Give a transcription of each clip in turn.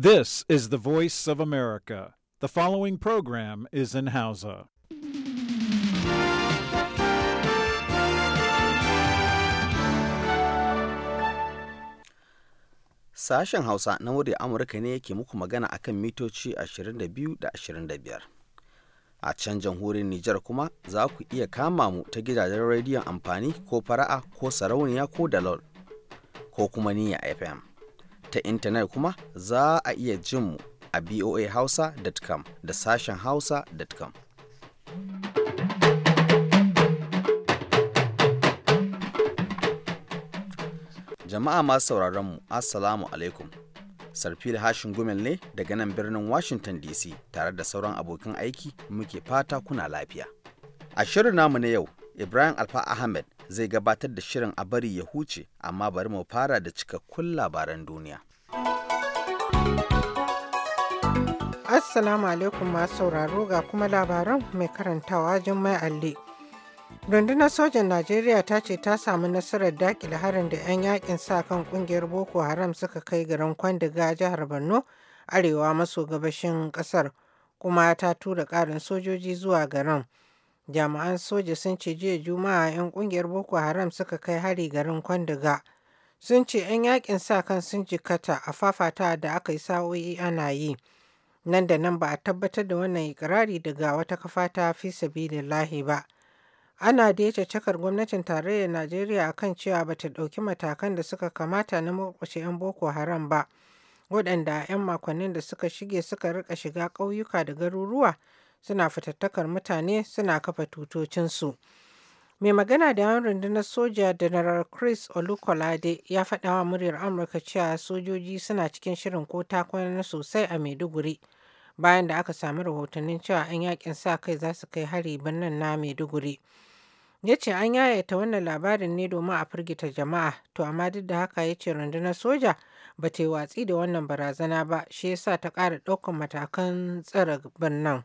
This is the voice of America. The following program is in Hausa. Sashen Hausa na wuri Amurka ne yake muku magana a kan mitoci 22 da 25. A can jamhuriyar Nijar kuma za ku iya kama mu ta gidajen rediyon amfani ko fara'a ko sarauniya ko dalol ko kuma niyya FM. ta intanet kuma za a iya jin mu a boahausa.com da sashen hausa.com. Jama'a masu sauraron mu Assalamu alaikum. Sarfil Hashin Gumel ne daga nan birnin Washington DC tare da sauran abokin aiki muke fata kuna lafiya. A shirin namu na yau, Ibrahim Alfa Ahmed zai gabatar da shirin a bari ya huce amma bari mu fara da cikakkun labaran duniya. Assalamu alaikum masu sauraro ga kuma labaran mai karantawa Jummai Alli. Rundunar sojan Najeriya ta ce ta samu nasarar dakile harin da 'yan yakin sa kan kungiyar Boko Haram suka kai garin Kwandiga jihar Borno arewa maso gabashin kasar kuma ta tura ƙarin sojoji zuwa garin. jami'an soja sun ce jiya juma'a 'yan kungiyar boko haram suka kai hari garin kwandiga sun ce 'yan yakin sa kan sun jikata a fafata da aka yi sa'o'i ana yi nan da nan ba a tabbatar da wannan ikirari daga wata kafa ta fi lahi ba ana da ya cakar gwamnatin tarayyar najeriya akan cewa bata ɗauki matakan da suka kamata na murƙushe 'yan boko haram ba waɗanda 'yan makonnin da suka shige suka rika shiga ƙauyuka da garuruwa suna fitattakar mutane suna kafa tutocinsu. Mai magana da yawan rundunar soja da General Chris Olukolade ya faɗa wa muryar Amurka cewa sojoji suna cikin shirin ko takwana sosai a Maiduguri bayan da aka sami rahotannin cewa an yakin sa kai za su kai hari birnin na Maiduguri. Ya ce an yayata wannan labarin ne domin a firgita jama'a to amma duk da haka ya ce rundunar soja ba ta yi watsi da wannan barazana ba shi yasa ta ƙara ɗaukar matakan tsare birnin.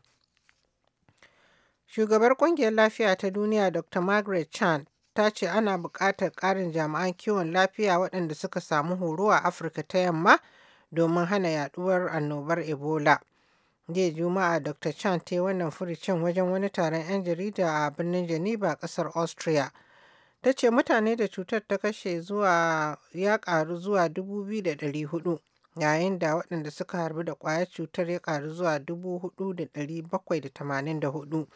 Shugabar Ƙungiyar Lafiya ta Duniya Dr. Margaret Chan ta ce ana buƙatar ƙarin jami'an kiwon lafiya waɗanda suka samu horo a Afirka ta Yamma domin hana yaɗuwar annobar Ebola. Jiya Juma'a Dr. Chan ta yi wannan furicin wajen wani taron 'yan jarida a birnin Geneva ƙasar Austria. Ta ce mutane da cutar ta kashe zuwa ya ƙaru zuwa 2,400 yayin da waɗanda suka harbu da ƙwayar cutar ya ƙaru zuwa 4,784.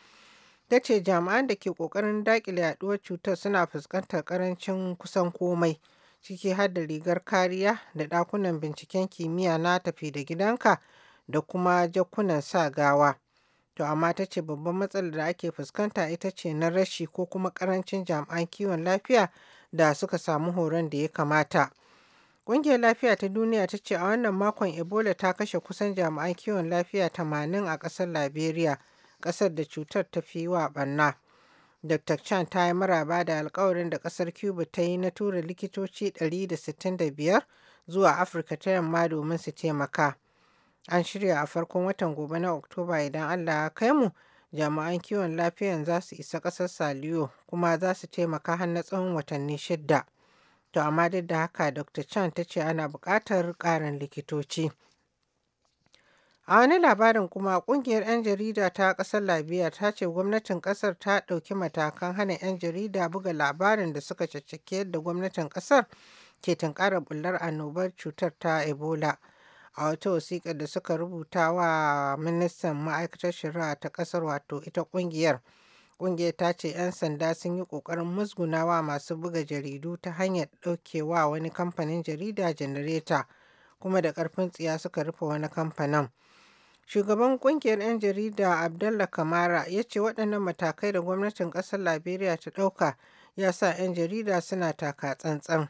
ta ce jami'an da ke kokarin dakile yaduwar cutar suna fuskantar karancin kusan komai ciki har da rigar kariya da ɗakunan binciken kimiyya na tafi da gidanka da kuma jakunan sa gawa. To amma ta ce babban matsalar da ake fuskanta ita ce na rashi ko kuma karancin jami'an kiwon lafiya da suka samu horon da ya kamata. Ƙungiyar Lafiya ta Duniya ta ce a wannan makon Ebola ta kashe kusan jami'an kiwon lafiya 80 a ƙasar Liberia. ƙasar da cutar ta fi wa ɓanna. Dr. Chan ta yi maraba da alkawarin da ƙasar Cuba ta yi na tura likitoci 165 zuwa Afirka ta yamma domin su taimaka. An shirya a farkon watan gobe na Oktoba idan Allah ya kai mu, jami'an kiwon lafiyan za su isa ƙasar Saliyo kuma za su taimaka har na tsawon watanni shidda. To amma duk da haka Dr. Chan ta ce ana buƙatar ƙarin likitoci. A wani labarin kuma, ƙungiyar 'yan jarida ta ƙasar labiya ta ce gwamnatin ƙasar ta ɗauki matakan hana 'yan jarida buga labarin da suka caccake yadda gwamnatin ƙasar ke tunƙara bullar annobar cutar ta Ebola. A wata wasiƙar da suka rubuta wa ministan ma'aikatar shari'a ta ƙasar wato ita ƙungiyar. Ƙungiyar ta ce 'yan sanda sun yi ƙoƙarin musgunawa masu buga jaridu ta hanyar ɗaukewa wani kamfanin jarida janareta kuma da ƙarfin tsiya suka rufe wani kamfanin. Shugaban kungiyar 'yan jarida Abdallah Kamara ya ce waɗannan matakai da gwamnatin ƙasar Liberia ta ɗauka ya sa 'yan jarida suna taka tsantsan.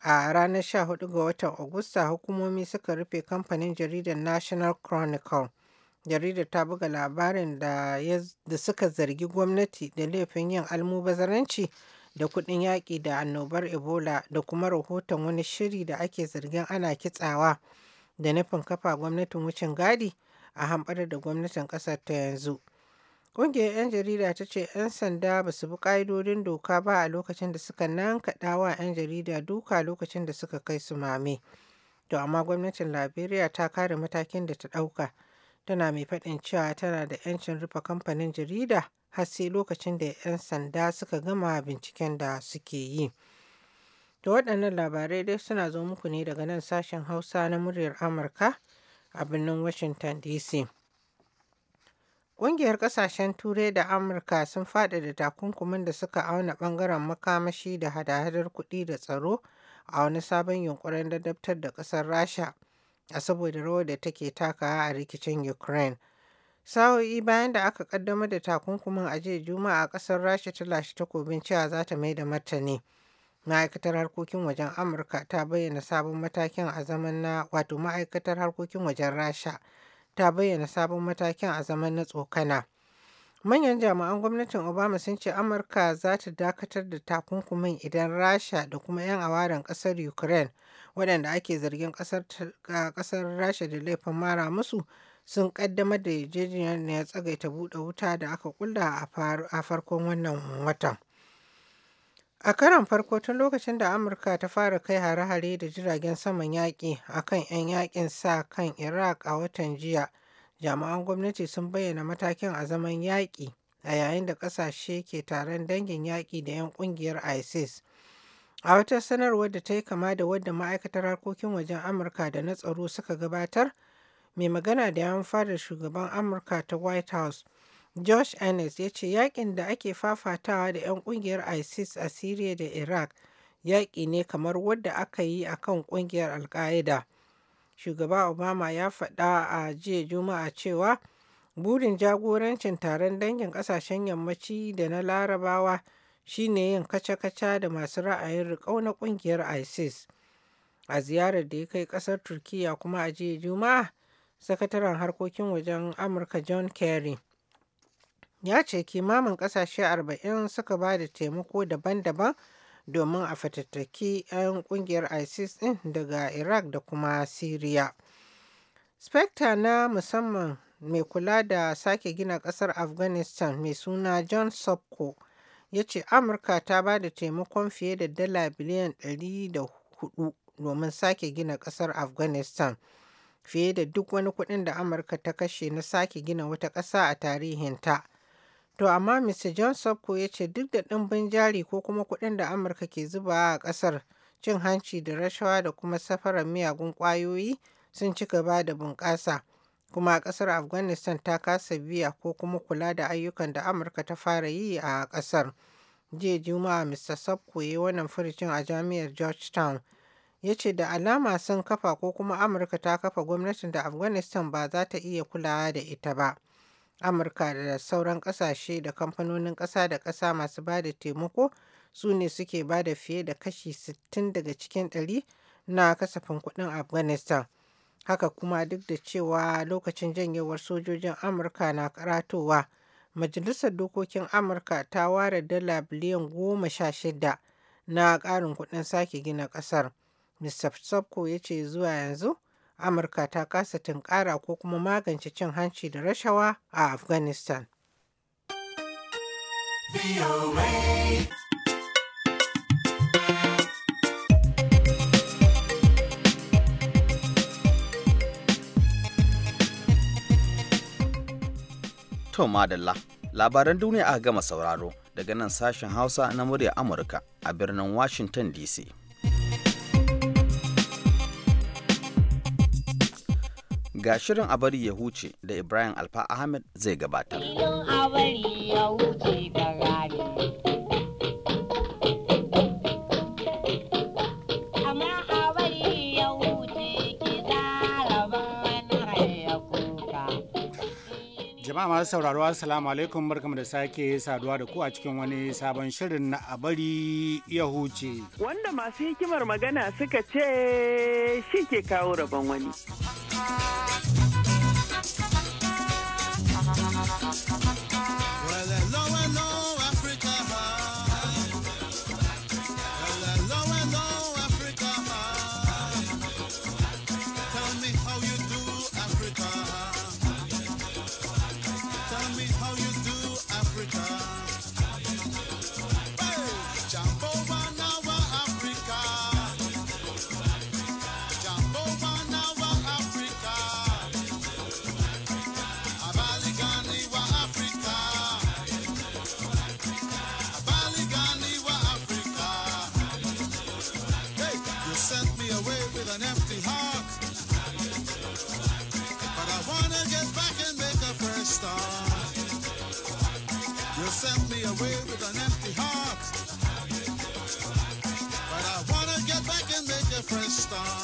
A ranar 14 ga watan Agusta hukumomi suka rufe kamfanin jaridar National Chronicle. Jaridar ta buga labarin da, da suka zargi gwamnati da laifin yin almubazaranci da kuɗin yaƙi da annobar Ebola da kuma rahoton wani shiri da ake zargin ana kitsawa da nufin kafa gwamnatin wucin gadi a hamɓar da gwamnatin ƙasar ta yanzu. Ƙungiyar 'yan jarida ta ce 'yan sanda ba su bi ƙa'idodin doka ba a lokacin da suka nankaɗa wa 'yan jarida duka lokacin da suka kai su mame. To amma gwamnatin Liberia ta kare matakin da ta ɗauka. Tana mai faɗin cewa tana da 'yancin rufe kamfanin jarida har sai lokacin da 'yan sanda suka gama binciken da suke yi. to waɗannan labarai dai suna zo muku ne daga nan sashen Hausa na muryar Amurka a birnin Washington DC. Ƙungiyar ƙasashen Turai da Amurka sun faɗaɗa takunkumin da suka auna ɓangaren makamashi da hada-hadar kuɗi da tsaro a wani sabon yunkurin dadabtar da ƙasar Rasha a saboda rawar da take takawa a rikicin Ukraine. Sa'o'i bayan da aka ƙaddamar da takunkumin a jiya Juma'a ƙasar Rasha ta lashe takobin cewa za ta mai da martani. Ma'aikatar harkokin wajen Amurka ta bayyana sabon matakin a zaman na wato ma'aikatar harkokin wajen Rasha ta bayyana sabon matakin a zaman na tsokana. Manyan jami'an gwamnatin Obama sun ce Amurka za ta dakatar da takunkumin idan Rasha da kuma 'yan awaren kasar Ukraine waɗanda ake zargin kasar Rasha da laifin mara musu sun ƙaddamar da yarjejeniyar ya tsagaita buɗe wuta da aka kulla a farkon wannan watan. A karon farko tun lokacin da Amurka ta fara kai hare-hare da jiragen saman yaƙi a kan 'yan yaƙin sa kan Iraq a watan jiya, jami'an gwamnati sun bayyana matakin a zaman yaƙi a yayin da ƙasashe ke taron dangin yaƙi da 'yan ƙungiyar ISIS. A wata sanarwar da ta yi kama da wadda ma'aikatar harkokin wajen Amurka da na tsaro suka gabatar, mai magana da yawan fadar shugaban Amurka ta White House Josh Earnest ya ce yakin da ake fafatawa da 'yan kungiyar ISIS a Syria da Iraq yaƙi ne kamar wadda aka yi a kan kungiyar al Shugaba Obama ya faɗa a jiya Juma'a cewa burin jagorancin taron dangin ƙasashen yammaci da na larabawa shine yin kaca-kaca da masu ra'ayin riƙau na ƙungiyar ISIS. A ziyarar da ya kai ƙasar Turkiyya kuma a jiya Juma'a, sakataren harkokin wajen Amurka John Kerry ya ce kimamin kasashe 40 suka ba da taimako daban-daban domin a fatattaki 'yan kungiyar isis din daga iraq da kuma syria spectre na musamman mai kula da sake gina kasar afghanistan mai suna john sopko ya ce amurka ta ba da taimakon fiye da dala biliyan 104 domin sake gina kasar afghanistan fiye da duk wani kudin da amurka ta kashe na sake gina wata ƙasa a tarihinta To amma Mr. John Sopko ya ce duk da ɗimbin jari ko kuma kuɗin da Amurka ke zuba a ƙasar cin hanci da rashawa da kuma safarar miyagun ƙwayoyi sun ci gaba da bunƙasa. Kuma ƙasar Afghanistan ta kasa biya ko kuma kula da ayyukan da Amurka ta fara yi a ƙasar. Jiya Juma'a Mr. Sopko ya yi wannan furucin a jami'ar Georgetown. Ya ce da alama sun kafa ko kuma Amurka ta kafa gwamnatin da Afghanistan ba za ta iya kulawa da ita ba. amurka da sauran kasashe da kamfanonin ƙasa da ƙasa masu ba da taimako su ne suke ba da fiye da kashi 60 daga cikin ɗari na kasafin kuɗin afghanistan haka kuma duk da cewa lokacin janyewar sojojin amurka na karatowa majalisar dokokin amurka ta ware dala biliyan goma sha shida na ƙarin kuɗin sake gina ƙasar mr sabko ya ce zuwa yanzu amurka ta kasa tunkara ko kuma magance cin hanci da rashawa a afghanistan To madalla, labaran duniya aka gama sauraro daga nan sashen Hausa na murya Amurka a birnin Washington DC. Ga shirin a bari ya huce da Ibrahim Alfa Ahmed zai gabata. jama'a masu sauraro assalamu alaikum barkamu da sake saduwa da ku a cikin wani sabon shirin na a bari ya huce wanda masu hikimar magana suka ce shi ke kawo rabon wani You sent me away with an empty heart. But I wanna get back and make a fresh start.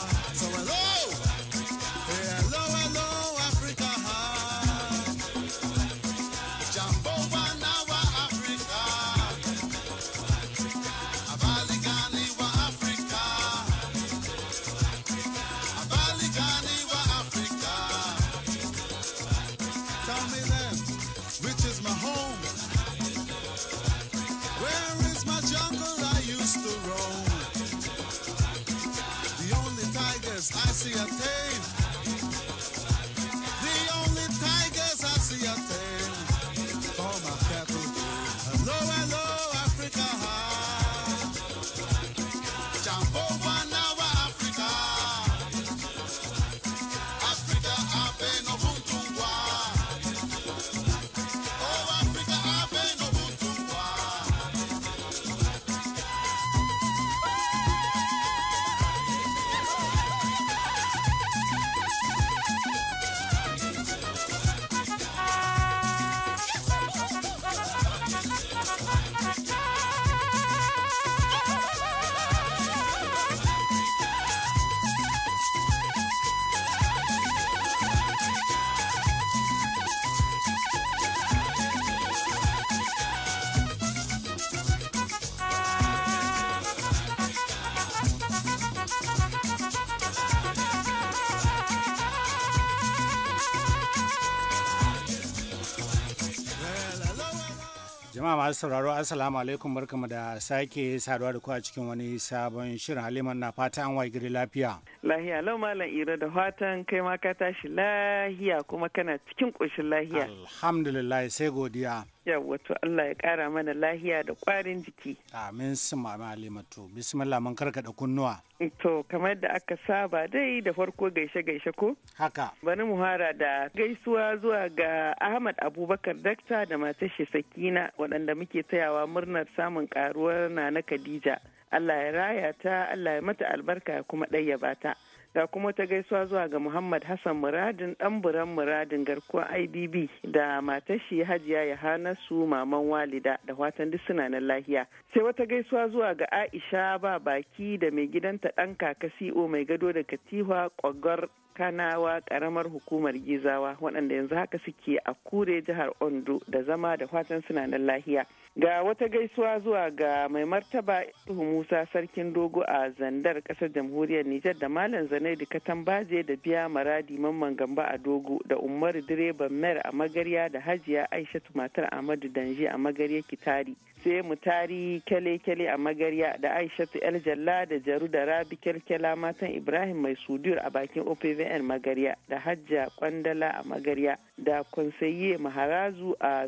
jama'a masu sauraro assalamu alaikum barkamu da sake saduwa da ku a cikin wani sabon shirin haliman na fata an wa gari lafiya lahiya lau malam ira da fatan kai ma ka tashi lahiya kuma kana cikin koshin lahiya alhamdulillah sai godiya wato Allah ya kara mana lahiya da kwarin jiki. Amin su mama Alimatu. bismillah mun karkada kunnuwa. To kamar da aka saba dai da farko gaishe gaishe ko? Haka. Bari muhara da gaisuwa zuwa ga Ahmad Abubakar Dakta da matar shi Sakina waɗanda muke tayawa murnar samun karuwar na na Khadija. Allah ya raya ta, Allah ya mata albarka kuma ɗayyaba ta. Da kuma ta gaisuwa zuwa ga muhammad hassan muradin dan buran muradin garkuwa ibb da matashi hajiya yahanasu maman walida da watan duk suna nan lahiya sai wata gaisuwa zuwa ga aisha ba baki da mai gidanta dan kaka co e mai gado da katiha Kogar kanawa karamar hukumar gizawa waɗanda yanzu haka suke a kure jihar ondo da zama da fatan suna nan lahiya ga wata gaisuwa zuwa ga mai martaba Ihu Musa sarkin dogo a zandar kasar jamhuriyar Nijar da Malam Zanaidu Katambaje da biya maradi mamman gamba a dogo da Umaru direban mer a magarya da hajiya Aishatu matar amadu Danji a magarya Kitari. sai mutari kyale-kyale a magarya da aishatu el da jaru da rabi kyalkyala matan ibrahim mai sudur a bakin opv jami'ar magarya da hajja kwandala a magarya da kwansayye maharazu a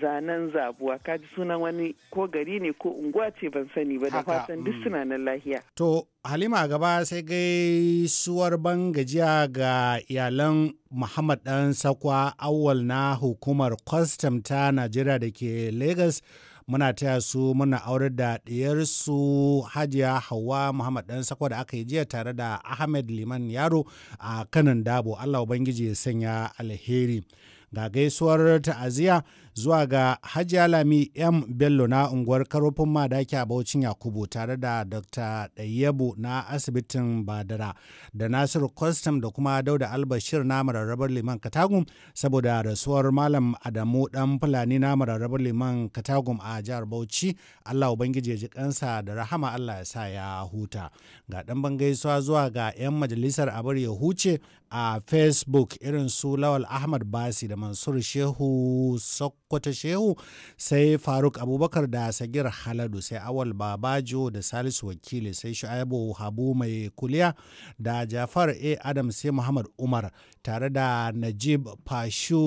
zanen zabuwa kaji sunan wani ko gari ne ko unguwa ce ban sani ba da fatan duk mm. suna nan lahiya to halima gaba sai gaisuwar ban gajiya ga iyalan muhammad dan sakwa awal na hukumar kwastam ta najeriya da ke lagos muna taya su muna aurar da ɗiyarsu hajiya hawa muhammad ɗan sakwa da aka yi jiya tare da ahmed liman yaro a kanan dabo allah ubangiji ya sanya alheri ga gaisuwar ta'aziyya zuwa ga hajji lami m bello na unguwar karofin madaki a baucin yakubu tare da dr ɗayyabu na asibitin badara da nasiru kwastam da kuma dauda albashir na mararrabar liman katagum saboda rasuwar malam adamu dan fulani na mararrabar liman katagum a jihar bauchi allah ubangiji ji kansa da rahama allah ya sa ya huta ga dan bangaisuwa zuwa ga 'yan majalisar abar ya huce a facebook irin su lawal ahmad basi da mansur shehu sokoto shehu sai faruk abubakar da sagir haladu sai awal babajo da salisu wakili sai shu'aibu habu mai kuliya da jafar a adam sai muhammad umar tare da najib fashu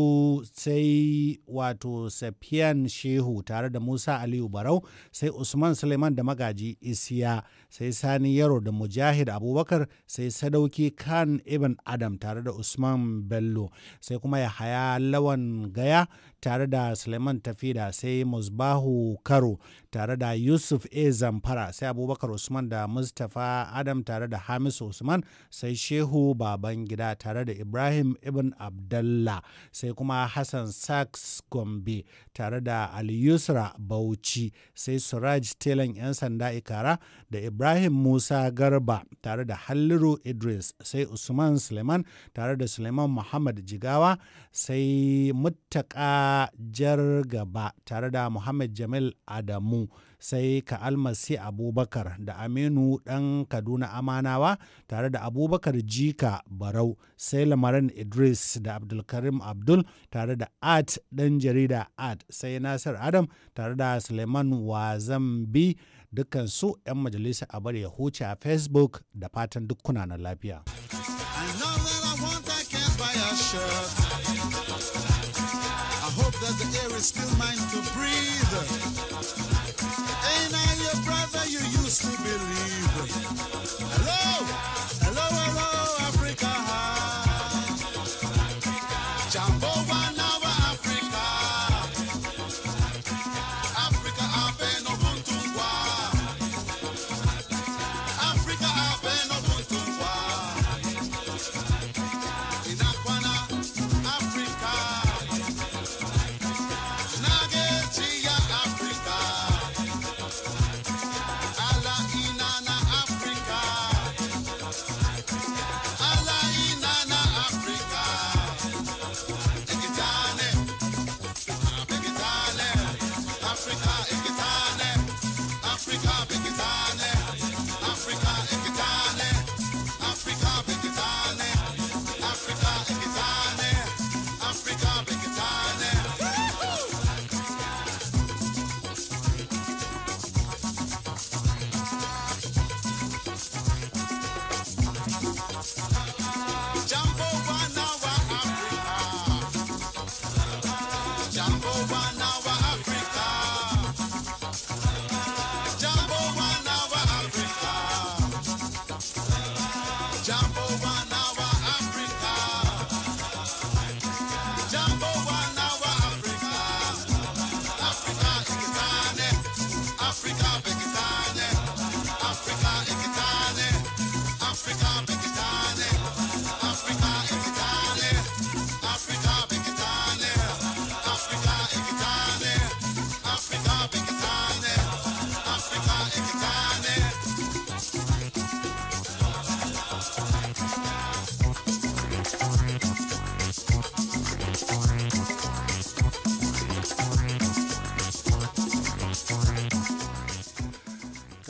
sai wato safiyan shehu tare da musa aliyu barau sai usman suleiman da magaji isiya sai sani yaro da mujahid abubakar sai sadauki khan ibn adam tare da usman bello sai kuma ya haya lawan gaya tare da suleiman tafida sai musbahu karo tare da yusuf a zamfara sai abubakar usman da mustapha adam tare da hamisu usman sai shehu baban gida tare da ibrahim ibn abdallah sai kuma hassan sachs gombe tare da aliyusra bauchi sai suraj telan 'yan sanda ikara da ibrahim musa garba tare da halliru idris sai usman suleiman tare da suleiman muhammad jigawa sai muttaka a jar gaba tare da Muhammad Jamil Adamu sai ka almasi Abubakar da Aminu ɗan Kaduna Amanawa tare da Abubakar Jika Barau sai lamarin Idris da Abdulkarim Abdul tare da Art ɗan jarida Art sai Nasir Adam tare da Suleiman Wazambi dukansu 'yan majalisa a bari ya huce a Facebook da fatan dukkuna na lafiya. that the air is still mine to breathe. Ain't I your brother you used to believe? Hello?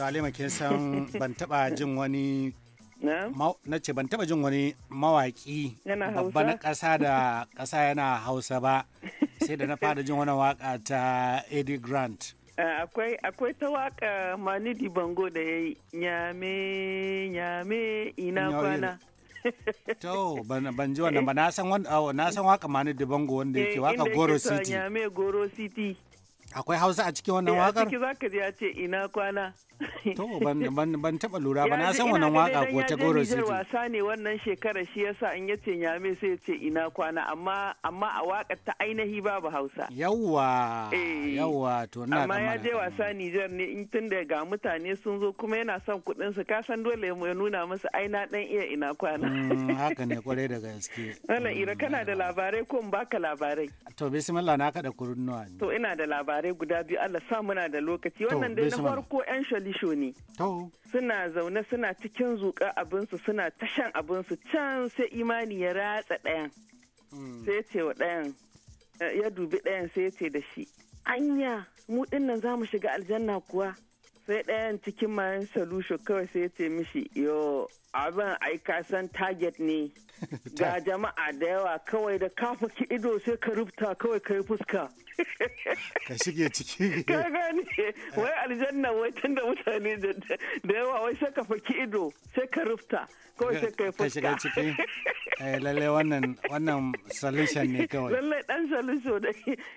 salima kin san ban taba jin wani na ce ban taba jin wani mawaki babba na ƙasa da kasa yana hausa ba sai da na fara jin wani waka ta eddie grant eh, akwai akwai ta waka manidi bango da ya yi nyame nyame ina kwana to ban ji wannan ba na san waka oh, manidi bango wanda yake eh, waka goro city nyame goro city akwai hausa a cikin wannan eh, wakar? ciki za ji ya ce ina kwana to ban taba lura ba na san wannan waka ko ta goro city wasa ne wannan shekara shi yasa in yace nyame sai ya ce ina kwana amma amma a wakar ta ainihi babu hausa yawwa eh. yawwa to na amma ya je wasa Niger ne in tun da ga mutane sun zo kuma yana son kudin su ka san dole ya nuna musu aina dan iya ina kwana mm, haka ne kwarai da gaske wannan ira kana mm. da labarai ko ba baka labarai to bismillah na kada kurunnuwa to ina da labarai labarai guda biyu Allah sa muna da lokaci wannan dai na farko yan shalisho ne suna zaune suna cikin zuƙa abinsu suna tashan abinsu can sai imani ya ratsa ɗayan hmm. sai ce wa ɗayan ya dubi ɗayan sai ce da shi anya mu dinnan za mu shiga aljanna kuwa sai ɗayan cikin mayan shalusho kawai sai ce mishi yo abin ai ka san target ne ga jama'a da yawa kawai da kafa ki ido sai ka rubuta kawai ka yi fuska ka shige ciki ka gani wai aljanna wai tunda mutane da yawa wai sai ka faki ido sai ka rubuta kawai sai ka yi fuska ka shige ciki eh lalle wannan wannan solution ne kawai lalle dan solution da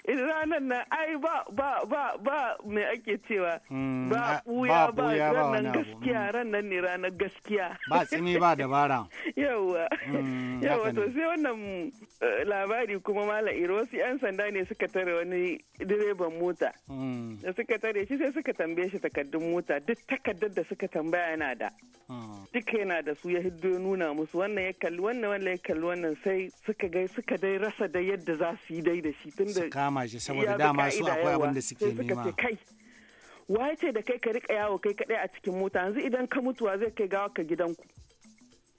in ranan nan ai ba ba ba ba me ake cewa mm, ba buya ba ranan gaskiya mm. ranan ne ranan gaskiya ba tsimi ba dabara yawwa mm, yawwa to sai wannan eh, labari kuma mala iro wasu yan sanda ne suka tare wani direban mota mm. da suka tare shi sai suka tambaye shi takardun mota duk takardar da suka tambaya yana da mm. duk yana da su ya hiddo nuna musu wannan ya kalli wannan wannan ya kalli wannan sai suka gai suka dai rasa da yadda za su yi dai da shi tunda kama shi saboda dama su akwai abin da suke nema kai waye ce da kai ka rika yawo kai kadai a cikin mota yanzu idan ka mutuwa zai kai gawa ka gidanku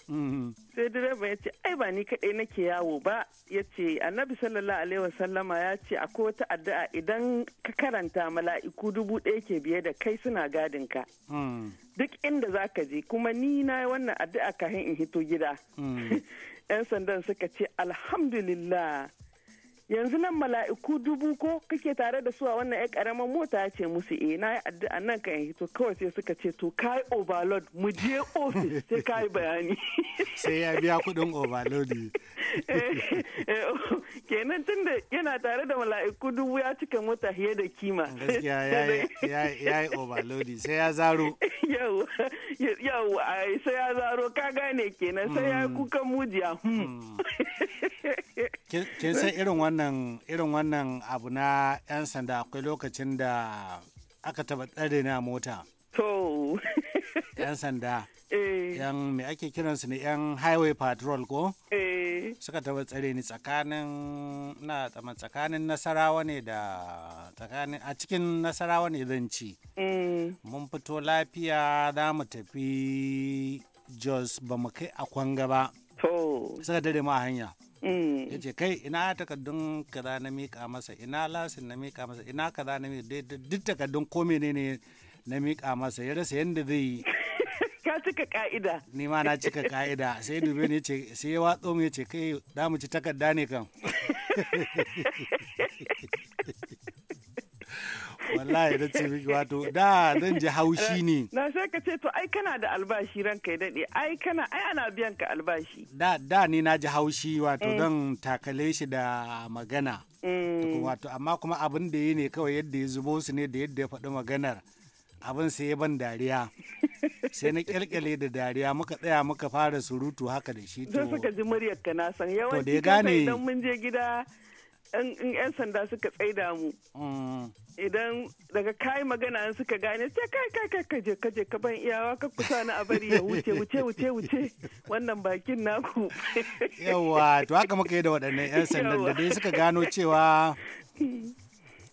mm-hmm. sai direba ya ce ai ba ni kadai nake yawo ba ya ce annabi sallallahu alaihi wasallama ya ce akwai wata addu'a idan ka karanta mala'iku dubu ɗaya ke biye da kai suna gadin ka mm-hmm. duk inda za ka je kuma ni na yi wannan addu'a kafin in hito gida mm-hmm. yan sandan suka ce alhamdulillah yanzu nan mala'iku dubu ko kake tare da su a wannan yan karamin mota ce musu eh na yi addu'a nan kan yanzu kawai sai suka ce to kai overload mu je office sai kai bayani sai ya biya kuɗin overload eh, eh, oh, kenan tunda yana tare da mala'iku dubu ya cika mota fiye da kima ya yi overload sai ya zaro yau sai ya zaro ka gane kenan sai ya hmm. kuka mujiya hmm. Hmm. kin san irin wannan wannan irin wannan abu na 'yan sanda akwai lokacin da aka taba tsare na mota to 'yan sanda eh. yan me ake kiransu ne yan highway patrol ko eh. suka taba tsare ni tsakanin na tsama tsakanin nasarawa ne da tsakanin a cikin nasarawa ne zanci ci eh. mun fito lafiya za mu tafi jos ba mu kai a kwanga ba suka dare mu a hanya Eh. ya ce kai ina takardun kaza na mika masa ina lasin na mika masa ina kaza na miƙa duk takardun ko ne ne na mika masa ya rasa yadda zai yi ka cika ka'ida ni ma na cika ka'ida sai dube ne ce sai ya watso mu ya ce kai da mu ci takarda ne kan wallahi da ce miki wato da zan ji haushi ne eh, na sai ka ce to ai kana da albashi ranka ya dade ai kana ai ana biyan ka albashi da da ni na ji haushi wato dan eh. takale shi da magana eh. wato amma kuma abin da yi ne kawai yadda ya zubo su ne da yadda ya faɗi maganar abin sai ya ban dariya sai na kyalkyale da dariya muka tsaya muka fara surutu haka da shi to suka ji muryar ka na san yawanci idan mun je gida in 'yan sanda suka tsaida mu mm. idan daga kayi magana suka gane sai kai kai kai kaje kaje ka ban iyawa ka kusa na bari ya wuce wuce wuce wuce wannan bakin naku yawa to haka muka yi da waɗannan 'yan sanda da dai suka gano cewa hmm.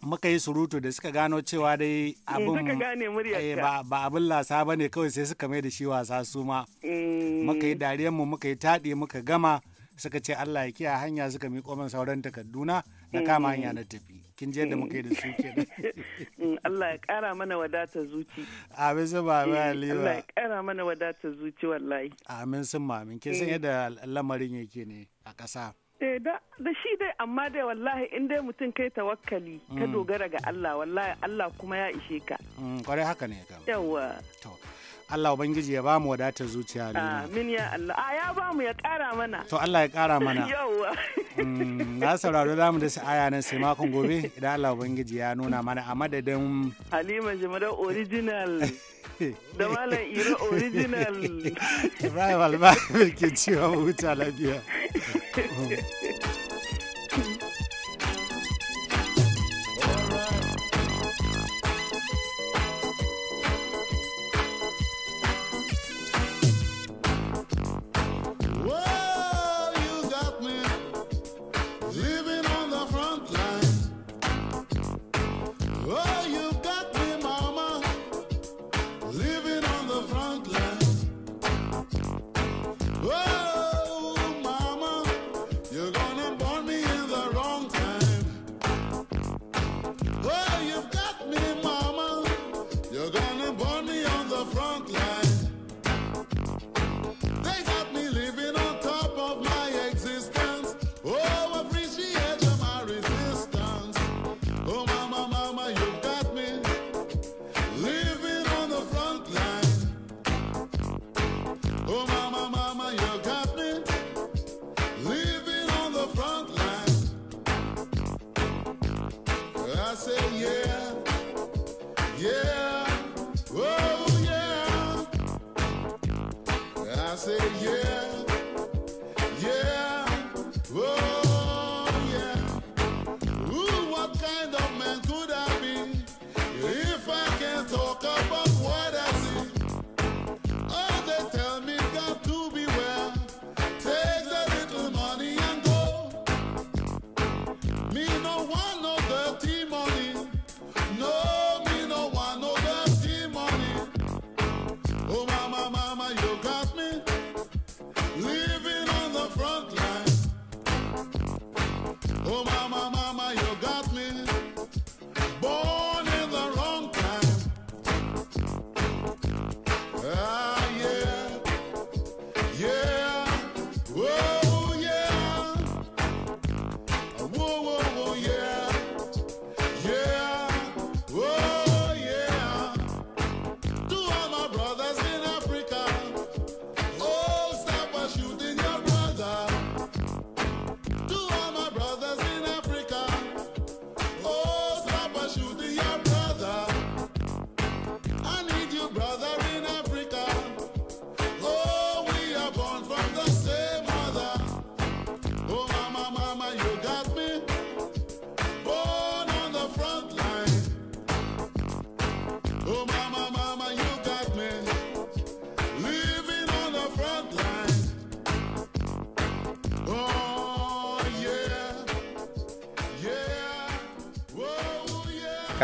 muka yi surutu da suka gano cewa dai hmm, abin eh, ba abin lasa ba ne kawai sai suka mai da shi wasa su ma hmm. muka yi dariyanmu mu muka yi taɗi muka gama suka ce Allah ya kiya hanya suka miƙo min sauran takarduna na mm. kama hanya na tafi kin je da muka yi da su mm. nan. Mm, Allah ya ƙara mana wadata zuci amin sun mami eh, Aliyu Allah ya ƙara mana wadata zuci wallahi amin sun mami kin san eh. yadda lamarin yake ne a ƙasa eh, da shi dai amma dai wallahi in dai mutum kai tawakkali ka dogara ga Allah wallahi Allah kuma ya ishe ka. Kwarai haka ne ya Yawwa. Allah ubangiji ya bamu wadatar zuciya ne. amin ya Allah a ya bamu ya kara mana to Allah ya kara mana yawa mm, na sauraro zamu da aya nan sai makon gobe idan Allah ubangiji ya nuna mana a madadin Halima Jimada original da malam Iro original Ibrahim Alba ke cewa wuta lafiya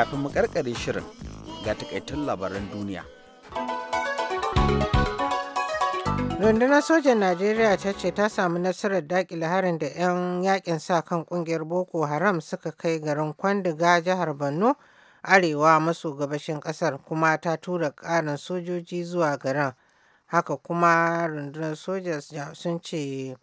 kafin mu karkare shirin ga takaitun labaran duniya. rundunar sojan najeriya ta ce ta samu nasarar dakile harin da 'yan yakin sa kan kungiyar boko haram suka kai garin kwandiga jihar borno arewa maso gabashin kasar kuma ta tura ƙarin sojoji zuwa garin haka kuma rundunar sojan sun ce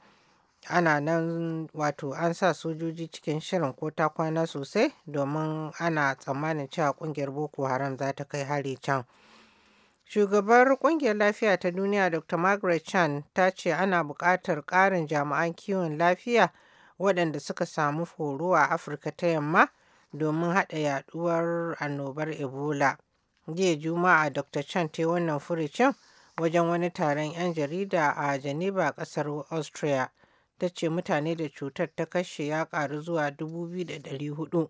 ana nan wato an sa sojoji cikin shirin ko ta kwana sosai domin ana tsammanin cewa kungiyar boko haram za ta kai hari can shugabar kungiyar lafiya ta duniya dr margaret chan ta ce ana buƙatar ƙarin jami'an kiwon lafiya waɗanda suka samu horo a afirka ta yamma domin haɗa yaɗuwar annobar ebola jiya juma'a dr chan ta wannan furucin wajen wani taron 'yan jarida a geneva ƙasar austria ta ce mutane da cutar ta kashe ya ƙaru zuwa 2,400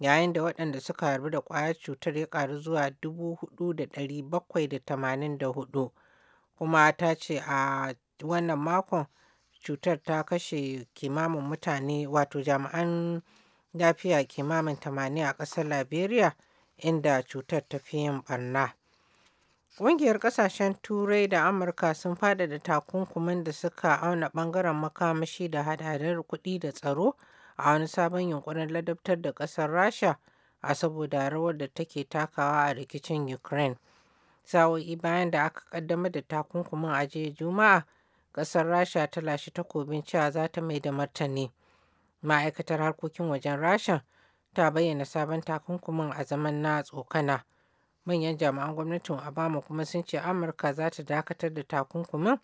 yayin da waɗanda suka harbu da ƙwayar cutar ya ƙaru zuwa 4,784 kuma ta ce a wannan makon cutar ta kashe kimamin mutane wato jami'an lafiya kimamin 80 a ƙasar liberia inda cutar ta fi yin barna Ƙungiyar ƙasashen Turai da Amurka sun faɗaɗa takunkumin da suka auna ɓangaren makamashi da hadadar kuɗi da tsaro a wani sabon yunkurin ladabtar da ƙasar Rasha a saboda rawar da take takawa a rikicin Ukraine. Sa'o'i bayan da aka ƙaddamar da takunkumin a jiya Juma'a, ƙasar Rasha ta lashe takobin cewa za ta mai da martani. Ma'aikatar harkokin wajen Rasha ta bayyana sabon takunkumin a zaman na tsokana. manyan jami'an gwamnatin obama kuma sun ce amurka za ta dakatar da takunkumin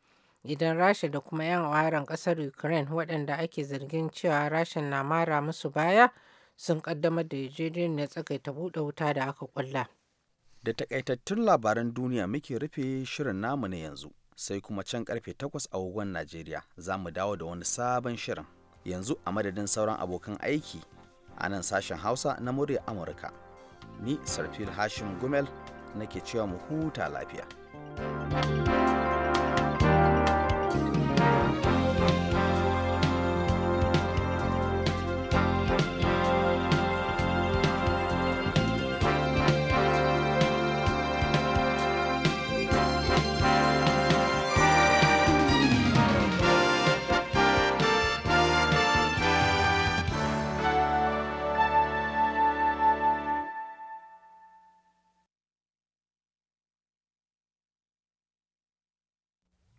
idan rasha da kuma 'yan waran kasar ukraine waɗanda ake zargin cewa rasha na mara musu baya sun kaddamar da yarjejeniyar tsagaita buɗe wuta da aka kulla. da takaitattun labaran duniya muke rufe shirin namu na yanzu sai kuma can karfe 8 agogon najeriya za mu dawo da wani sabon shirin yanzu a madadin sauran abokan aiki a nan sashen hausa na murya amurka ni sarfil hashim gumel nake cewa mu huta lafiya. thank you